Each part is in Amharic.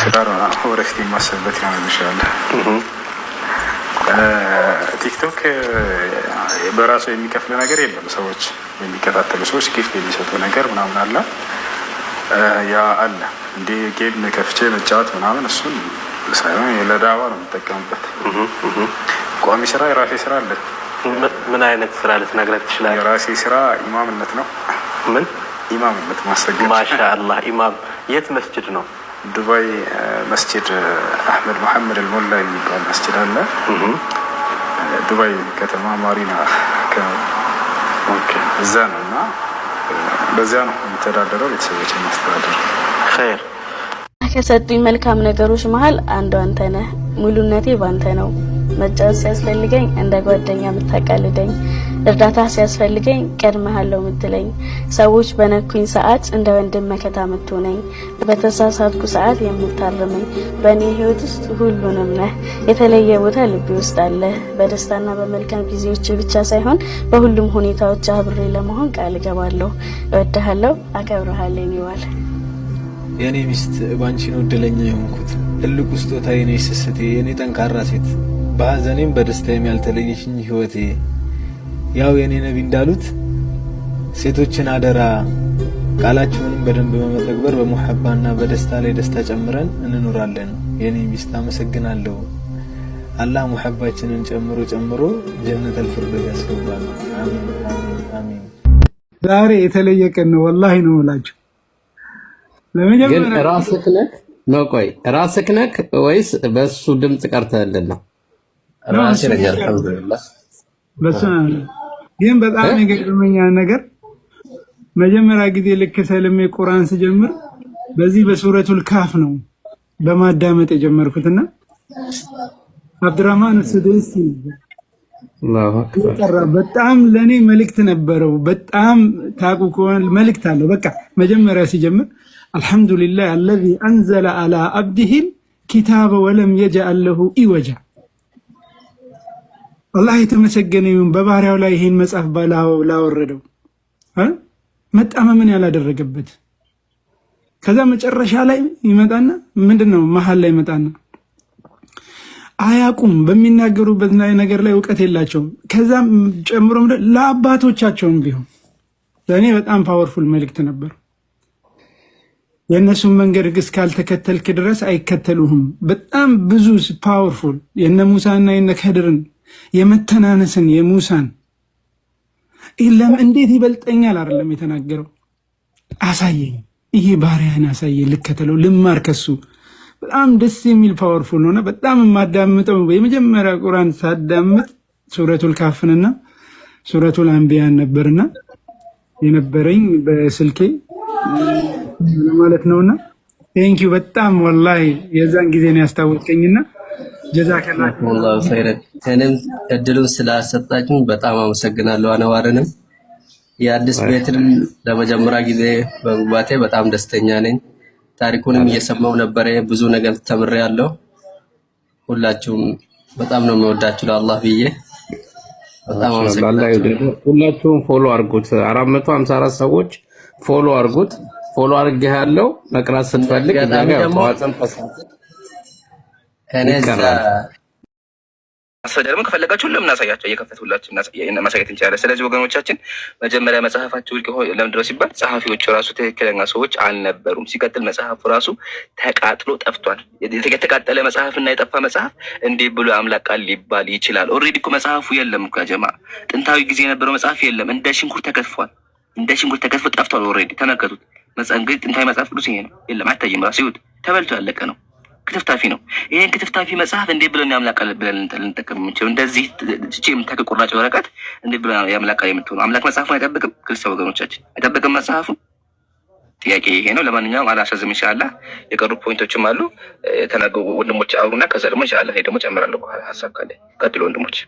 ትዳር ወደፊት የማሰብበት ቲክቶክ በራሱ የሚከፍል ነገር የለም። ሰዎች የሚከታተሉ ሰዎች ጊፍት የሚሰጡ ነገር ምናምን አለ፣ ያ አለ። ጌም ከፍቼ መጫወት ምናምን እሱን ሳይሆን ለዳዋ ነው የምጠቀምበት። ቋሚ ስራ የራሴ ስራ አለ። ምን አይነት ስራ ልትነግረን ትችላለህ? የራሴ ስራ ኢማምነት ነው። ምን ኢማምነት? ማሰገድ። ኢማም። የት መስጅድ ነው? ዱባይ መስጅድ አህመድ መሐመድ አልሞላ የሚባል መስጅድ አለ። ዱባይ ከተማ ማሪና እዛ ነው እና በዚያ ነው የሚተዳደረው። ቤተሰቦች ማስተዳደር ኸይር ከሰጡኝ መልካም ነገሮች መሀል አንዱ አንተ ነህ። ሙሉነቴ ባንተ ነው። መጫወት ሲያስፈልገኝ እንደ ጓደኛ የምታቃልደኝ እርዳታ ሲያስፈልገኝ ቀድመሃለው ምትለኝ፣ ሰዎች በነኩኝ ሰዓት እንደ ወንድም መከታ ምትሆነኝ፣ በተሳሳትኩ ሰዓት የምታርመኝ፣ በእኔ ህይወት ውስጥ ሁሉንም ነህ። የተለየ ቦታ ልቤ ውስጥ አለ። በደስታና በመልካም ጊዜዎች ብቻ ሳይሆን በሁሉም ሁኔታዎች አብሬ ለመሆን ቃል እገባለሁ። እወድሃለሁ፣ አከብረሃለሁ ይዋል የእኔ ሚስት ባንቺን ነው እድለኛ የሆንኩት። ትልቁ ስጦታ የኔ ስስቴ፣ የኔ ጠንካራ ሴት፣ በሀዘኔም በደስታ የሚያልተለየሽኝ ህይወቴ ያው የኔ ነቢ እንዳሉት ሴቶችን አደራ ቃላቸውንም በደንብ በመተግበር በሙሐባና በደስታ ላይ ደስታ ጨምረን እንኖራለን። የኔ ሚስት አመሰግናለሁ። አላህ ሙሐባችንን ጨምሮ ጨምሮ ጀነት ፊርደውስ ያስገባል። አሚን ዛሬ የተለየ ቀን ነው፣ ወላሂ ነው እላችሁ። ግን ራስህ ነህ ነው? ቆይ ራስህ ነህ ወይስ በሱ ድምጽ ቀርተህልና? ራስህ ነህ። አልሐምዱሊላህ ግን በጣም የገጠመኝ ነገር መጀመሪያ ጊዜ ልክ ሰልሜ ቁርአን ስጀምር በዚህ በሱረቱል ካፍ ነው በማዳመጥ የጀመርኩትና አብድራህማን ስደስ በጣም ለኔ መልእክት ነበረው። በጣም ታቁ ከሆነ መልእክት አለው። በቃ መጀመሪያ ሲጀምር አልሐምዱሊላህ አለዚ አንዘለ አላ አብዲሂል ኪታበ ወለም የጅአል ኢወጃ አላህ የተመሰገነ ይሁን በባህሪያው ላይ ይሄን መጽሐፍ ላወረደው መጣመምን ያላደረገበት። ከዛ መጨረሻ ላይ ይመጣና ምንድን ነው መሀል ላይ ይመጣና አያቁም በሚናገሩበት ነገር ላይ እውቀት የላቸውም። ከዛ ጨምሮ ለአባቶቻቸውም ቢሆን ለእኔ በጣም ፓወርፉል መልእክት ነበር። የእነሱን መንገድ ካልተከተልክ ድረስ አይከተሉህም። በጣም ብዙ ፓወርፉል የነ ሙሳና የነ ከድርን የመተናነስን የሙሳን የለም እንዴት ይበልጠኛል አይደለም የተናገረው። አሳየኝ፣ ይሄ ባሪያህን አሳየኝ፣ ልከተለው፣ ልማር ከሱ። በጣም ደስ የሚል ፓወርፉል ሆነ። በጣም የማዳምጠው የመጀመሪያ ቁራን ሳዳምጥ ሱረቱል ካፍንና ሱረቱል አንቢያን ነበርና የነበረኝ በስልኬ ማለት ነውና ቴንኪዩ በጣም ወላሂ የዛን ጊዜ ነው ያስታወቀኝና ጀዛከላሁ ኸይረን ከንም እድሉን ስላሰጣችን በጣም አመሰግናለሁ። አነዋርንም የአዲስ ቤትን ለመጀመሪያ ጊዜ በመግባቴ በጣም ደስተኛ ነኝ። ታሪኩንም እየሰማው ነበረ። ብዙ ነገር ተምሬያለሁ። ሁላችሁም በጣም ነው የሚወዳችሁ ለአላህ ብዬ ሁላችሁም ፎሎ አድርጉት። 454 ሰዎች ፎሎ አድርጉት። ፎሎ አድርጌ ያለው መቅራት ስትፈልግ ደግሞ ከፈለጋችሁ ሁሉም እናሳያቸው እየከፈቱላችሁ ማሳየት እንችላለን። ስለዚህ ወገኖቻችን መጀመሪያ መጽሐፋቸው ውድቅ ሲባል ጸሐፊዎቹ ራሱ ትክክለኛ ሰዎች አልነበሩም። ሲቀጥል መጽሐፉ ራሱ ተቃጥሎ ጠፍቷል። የተቃጠለ መጽሐፍ እና የጠፋ መጽሐፍ እንዴት ብሎ አምላክ ቃል ሊባል ይችላል? ኦልሬዲ እኮ መጽሐፉ የለም እኮ ጀማ ጥንታዊ ጊዜ የነበረው መጽሐፍ የለም። እንደ ሽንኩር ተከትፏል። እንደ ሽንኩር ተከትፎ ጠፍቷል። ኦልሬዲ ተመከቱት። እንግዲህ ጥንታዊ መጽሐፍ ቅዱስ ይሄ ነው። የለም አይታይም። ራሱ ይሁት ተበልቶ ያለቀ ነው። ክትፍታፊ ነው። ይህን ክትፍታፊ መጽሐፍ እንዴት ብለን ያምላቃል ብለን ልንጠቀም የምንችለው እንደዚህ ቼ የምታውቅ ቁራጭ ወረቀት እንዴት ብለን ያምላቃል የምትሆነው አምላክ መጽሐፉን አይጠብቅም። ክርስቲያን ወገኖቻችን አይጠብቅም መጽሐፉ። ጥያቄ ይሄ ነው። ለማንኛውም አላሳዝም። ይሻላ። የቀሩ ፖይንቶችም አሉ የተናገሩ ወንድሞች አብሩና ከዛ ደግሞ ይሻላ ደግሞ ጨምራለሁ ሀሳብ ካለ ቀጥሎ ወንድሞች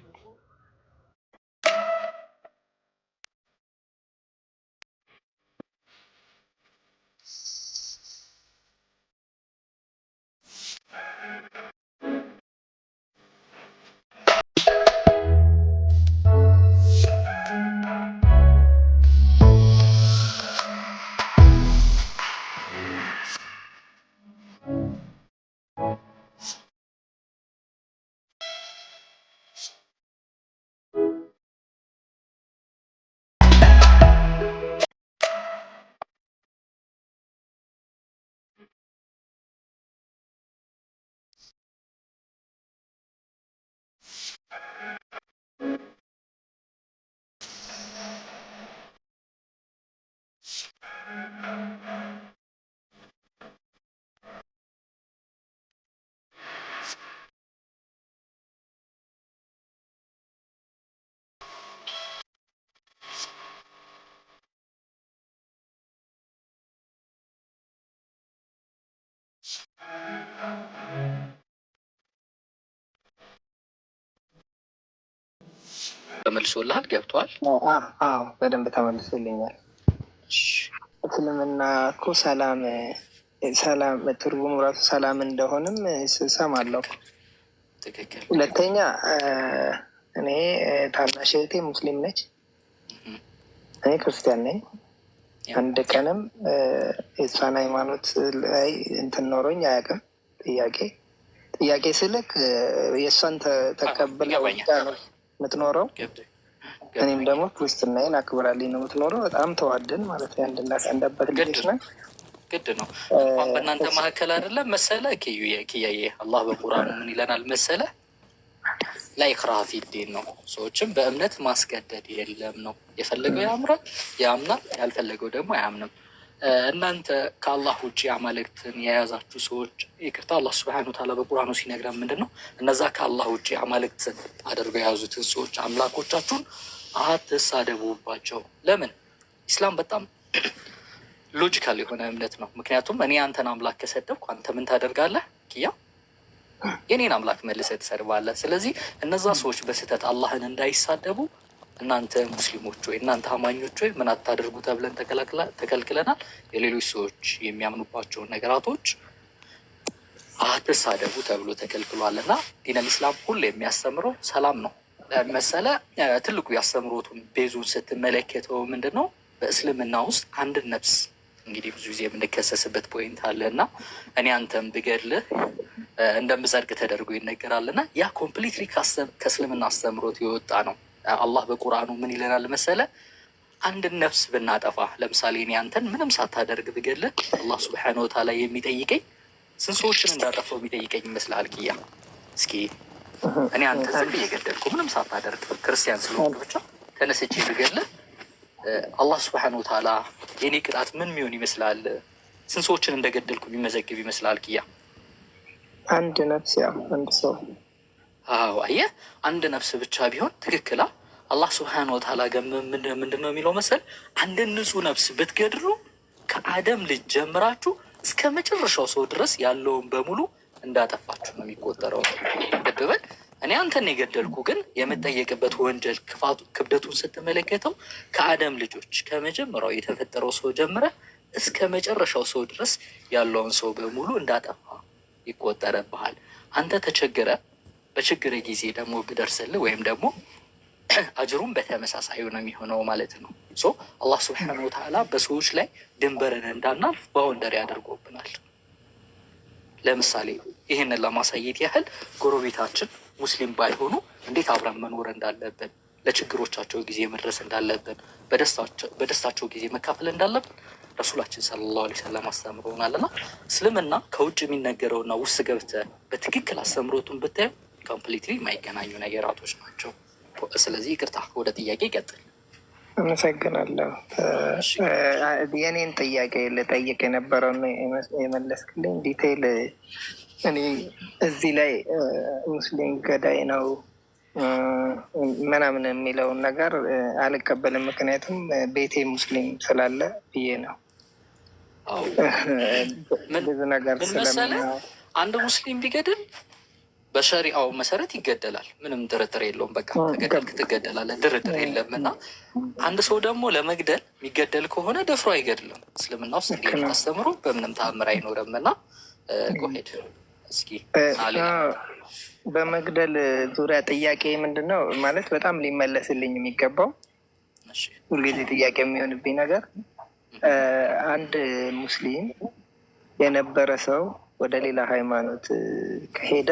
ተመልሶልሃል? ገብተዋል? አዎ በደንብ ተመልሶልኛል። እስልምና እኮ ሰላም ሰላም ትርጉሙ ራሱ ሰላም እንደሆንም ስሰማለሁ። አለው ሁለተኛ እኔ ታናሽ እህቴ ሙስሊም ነች፣ እኔ ክርስቲያን ነኝ። አንድ ቀንም የእሷን ሃይማኖት ላይ እንትን ኖሮኝ አያውቅም። ጥያቄ ጥያቄ ስልክ የእሷን ተቀብለ ነው የምትኖረው። እኔም ደግሞ ክርስትናዬን አክብራልኝ ነው የምትኖረው። በጣም ተዋደን ማለት ነው። አንድናት አንዳባት ግድ ነው ግድ ነው። እንኳን በእናንተ መካከል አይደለም መሰለ ክያዬ አላህ በቁርአኑ ምን ይለናል መሰለ ላይ ላይክራሃ ዲን ነው። ሰዎችም በእምነት ማስገደድ የለም ነው። የፈለገው ያምራል ያምናል፣ ያልፈለገው ደግሞ አያምንም። እናንተ ከአላህ ውጭ አማልክትን የያዛችሁ ሰዎች ይቅርታ፣ አላህ ስብሐነ ወተዓላ በቁርአኑ ሲነግረን ምንድን ነው? እነዛ ከአላህ ውጭ አማልክትን አድርገው የያዙትን ሰዎች አምላኮቻችሁን አትሳደቡባቸው። ለምን? ኢስላም በጣም ሎጂካል የሆነ እምነት ነው። ምክንያቱም እኔ አንተን አምላክ ከሰደብኩ አንተ ምን ታደርጋለህ? ክያ የኔን አምላክ መልሰህ ትሰድባለህ። ስለዚህ እነዛ ሰዎች በስህተት አላህን እንዳይሳደቡ እናንተ ሙስሊሞች ወይ እናንተ አማኞች ወይ ምን አታደርጉ ተብለን ተከልክለናል። የሌሎች ሰዎች የሚያምኑባቸውን ነገራቶች አትሳደቡ ተብሎ ተከልክሏል እና ዲነል ኢስላም ሁሉ የሚያስተምረው ሰላም ነው መሰለ። ትልቁ ያስተምሮቱን ቤዙን ስትመለከተው ምንድን ነው በእስልምና ውስጥ አንድን ነፍስ እንግዲህ ብዙ ጊዜ የምንከሰስበት ፖይንት አለ እና እኔ አንተም ብገድልህ እንደምጸድቅ ተደርጎ ይነገራል እና ያ ኮምፕሊትሊ ከእስልምና አስተምሮት የወጣ ነው። አላህ በቁርአኑ ምን ይለናል መሰለ አንድን ነፍስ ብናጠፋ ለምሳሌ እኔ አንተን ምንም ሳታደርግ ብገለ አላህ ስብሓነ ወተዓላ የሚጠይቀኝ ስንት ሰዎችን እንዳጠፋው የሚጠይቀኝ ይመስልሃል? ኪያ እስኪ እኔ አንተ ዝም ብዬ ምንም ሳታደርግ ክርስቲያን ስለሆንክ ብቻ ተነስቼ ብገለ አላህ ስብሓነ ወተዓላ የእኔ ቅጣት ምን የሚሆን ይመስላል? ስንት ሰዎችን እንደገደልኩ የሚመዘግብ ይመስላል? ኪያ አንድ ነፍስ ያ አንድ ሰው አዎ አንድ ነፍስ ብቻ ቢሆን ትክክላ። አላህ ስብሓን ወተዓላ ገ ምንድን ነው የሚለው መሰል አንድ ንጹህ ነፍስ ብትገድሉ ከአደም ልጅ ጀምራችሁ እስከ መጨረሻው ሰው ድረስ ያለውን በሙሉ እንዳጠፋችሁ ነው የሚቆጠረው። ደብበል በል እኔ አንተን የገደልኩ ግን የምጠየቅበት ወንጀል ክብደቱን ስትመለከተው ከአደም ልጆች ከመጀመሪያው የተፈጠረው ሰው ጀምረ እስከ መጨረሻው ሰው ድረስ ያለውን ሰው በሙሉ እንዳጠፋ ይቆጠረብሃል። አንተ ተቸግረ በችግር ጊዜ ደግሞ ብደርስልህ ወይም ደግሞ አጅሩም በተመሳሳይ ነው የሚሆነው ማለት ነው። ሶ አላህ ስብሐነሁ ወተዓላ በሰዎች ላይ ድንበርን እንዳናልፍ ባውንደሪ አድርጎብናል። ለምሳሌ ይህንን ለማሳየት ያህል ጎረቤታችን ሙስሊም ባይሆኑ እንዴት አብረን መኖር እንዳለብን፣ ለችግሮቻቸው ጊዜ መድረስ እንዳለብን፣ በደስታቸው ጊዜ መካፈል እንዳለብን ረሱላችን ሰለላሁ ዐለይሂ ወሰለም አስተምረውናልና እስልምና ከውጭ የሚነገረውና ውስጥ ገብተህ በትክክል አስተምሮቱን ብታየው ኮምፕሊትሊ የማይገናኙ ነገራቶች ናቸው። ስለዚህ ይቅርታ፣ ወደ ጥያቄ ይቀጥል። አመሰግናለሁ። የኔን ጥያቄ ልጠይቅ የነበረውን የመለስክልኝ ዲቴይል እኔ እዚህ ላይ ሙስሊም ገዳይ ነው ምናምን የሚለውን ነገር አልቀበልም። ምክንያቱም ቤቴ ሙስሊም ስላለ ብዬ ነው። ብዙ ነገር ስለምና አንድ ሙስሊም ቢገድል በሸሪአው መሰረት ይገደላል። ምንም ድርድር የለውም። በቃ ከገደልክ ትገደላለህ፣ ድርድር የለም። እና አንድ ሰው ደግሞ ለመግደል የሚገደል ከሆነ ደፍሮ አይገድልም። እስልምና ውስጥ አስተምሮ በምንም ተአምር አይኖርም። እና ቆሄድ እስኪ በመግደል ዙሪያ ጥያቄ ምንድን ነው ማለት በጣም ሊመለስልኝ የሚገባው ሁልጊዜ ጥያቄ የሚሆንብኝ ነገር አንድ ሙስሊም የነበረ ሰው ወደ ሌላ ሃይማኖት ከሄደ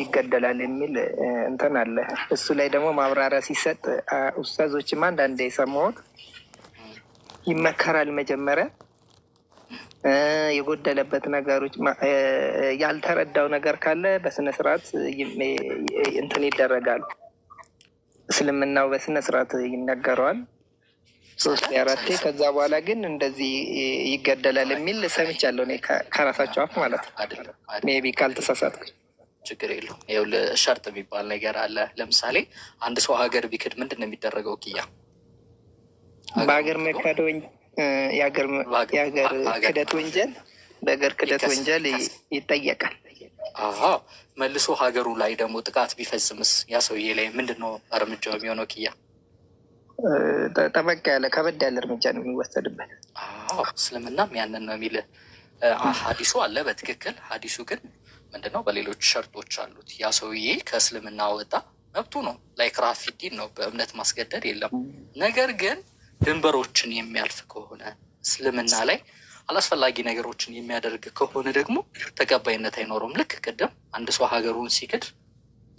ይገደላል የሚል እንትን አለ። እሱ ላይ ደግሞ ማብራሪያ ሲሰጥ ኡስታዞችም አንዳንዴ የሰማሁት ይመከራል መጀመሪያ የጎደለበት ነገሮች ያልተረዳው ነገር ካለ በስነ ስርዓት እንትን ይደረጋል። እስልምናው በስነ ስርዓት ይነገረዋል። ሶስት አራቴ። ከዛ በኋላ ግን እንደዚህ ይገደላል የሚል ሰምቻለሁ እኔ ከራሳቸው አፍ ማለት ነው። ሜይ ቢ ካልተሳሳትኩኝ ችግር የለውም። ይኸውልህ ሸርጥ የሚባል ነገር አለ። ለምሳሌ አንድ ሰው ሀገር ቢክድ ምንድን ነው የሚደረገው? ክያ በሀገር መካደ የሀገር ክደት ወንጀል በሀገር ክደት ወንጀል ይጠየቃል። አዎ መልሶ ሀገሩ ላይ ደግሞ ጥቃት ቢፈጽምስ ያ ሰውዬ ላይ ምንድን ነው እርምጃው የሚሆነው? ክያ ጠበቅ ያለ ከበድ ያለ እርምጃ ነው የሚወሰድበት። እስልምናም ያንን ነው የሚል ሀዲሱ አለ። በትክክል ሀዲሱ ግን ምንድነው በሌሎች ሸርጦች አሉት። ያ ሰውዬ ከእስልምና ወጣ መብቱ ነው። ላይክ ራፊዲን ነው በእምነት ማስገደድ የለም። ነገር ግን ድንበሮችን የሚያልፍ ከሆነ እስልምና ላይ አላስፈላጊ ነገሮችን የሚያደርግ ከሆነ ደግሞ ተቀባይነት አይኖረውም። ልክ ቅድም አንድ ሰው ሀገሩን ሲክድ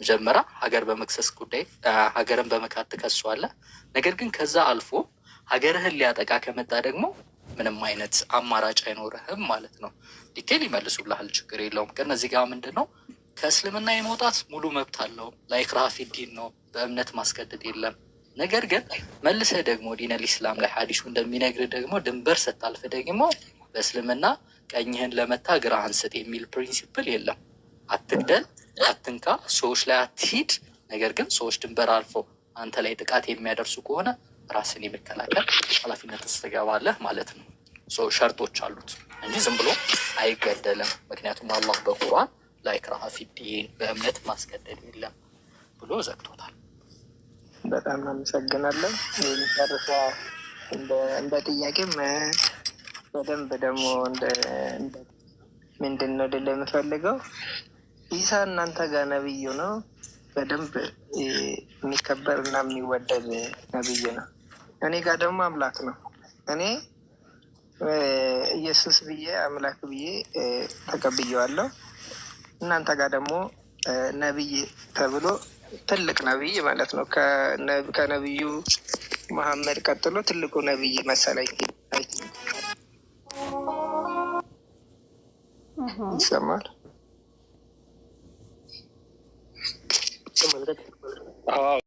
መጀመሪያ ሀገር በመክሰስ ጉዳይ ሀገርን በመካት ትከሰዋለህ። ነገር ግን ከዛ አልፎ ሀገርህን ሊያጠቃ ከመጣ ደግሞ ምንም አይነት አማራጭ አይኖርህም ማለት ነው። ዲኬ ሊመልሱልሃል፣ ችግር የለውም። ግን እዚህ ጋር ምንድን ነው ከእስልምና የመውጣት ሙሉ መብት አለው። ላይክራሃ ፊዲን ነው፣ በእምነት ማስገደድ የለም። ነገር ግን መልሰህ ደግሞ ዲነል ኢስላም ላይ ሀዲሱ እንደሚነግር ደግሞ ድንበር ስታልፍ ደግሞ በእስልምና ቀኝህን ለመታ ግራህን ስጥ የሚል ፕሪንሲፕል የለም። አትግደል፣ አትንካ፣ ሰዎች ላይ አትሂድ። ነገር ግን ሰዎች ድንበር አልፈው አንተ ላይ ጥቃት የሚያደርሱ ከሆነ ራስን የመከላከል ኃላፊነት ስትገባለህ ማለት ነው። ሸርጦች አሉት እንጂ ዝም ብሎ አይገደልም። ምክንያቱም አላህ በቁርአን ላይ ክራሀ በእምነት ማስገደል የለም ብሎ ዘግቶታል። በጣም አመሰግናለን። የመጨረሻ እንደ ጥያቄም በደንብ ደግሞ ምንድን ነው ድል የምፈልገው ኢሳ እናንተ ጋር ነብይ ነው። በደንብ የሚከበር እና የሚወደድ ነብይ ነው። እኔ ጋር ደግሞ አምላክ ነው። እኔ ኢየሱስ ብዬ አምላክ ብዬ ተቀብየዋለሁ። እናንተ ጋር ደግሞ ነብይ ተብሎ ትልቅ ነብይ ማለት ነው። ከነብዩ መሐመድ ቀጥሎ ትልቁ ነብይ መሰለኝ። ይሰማል हाँ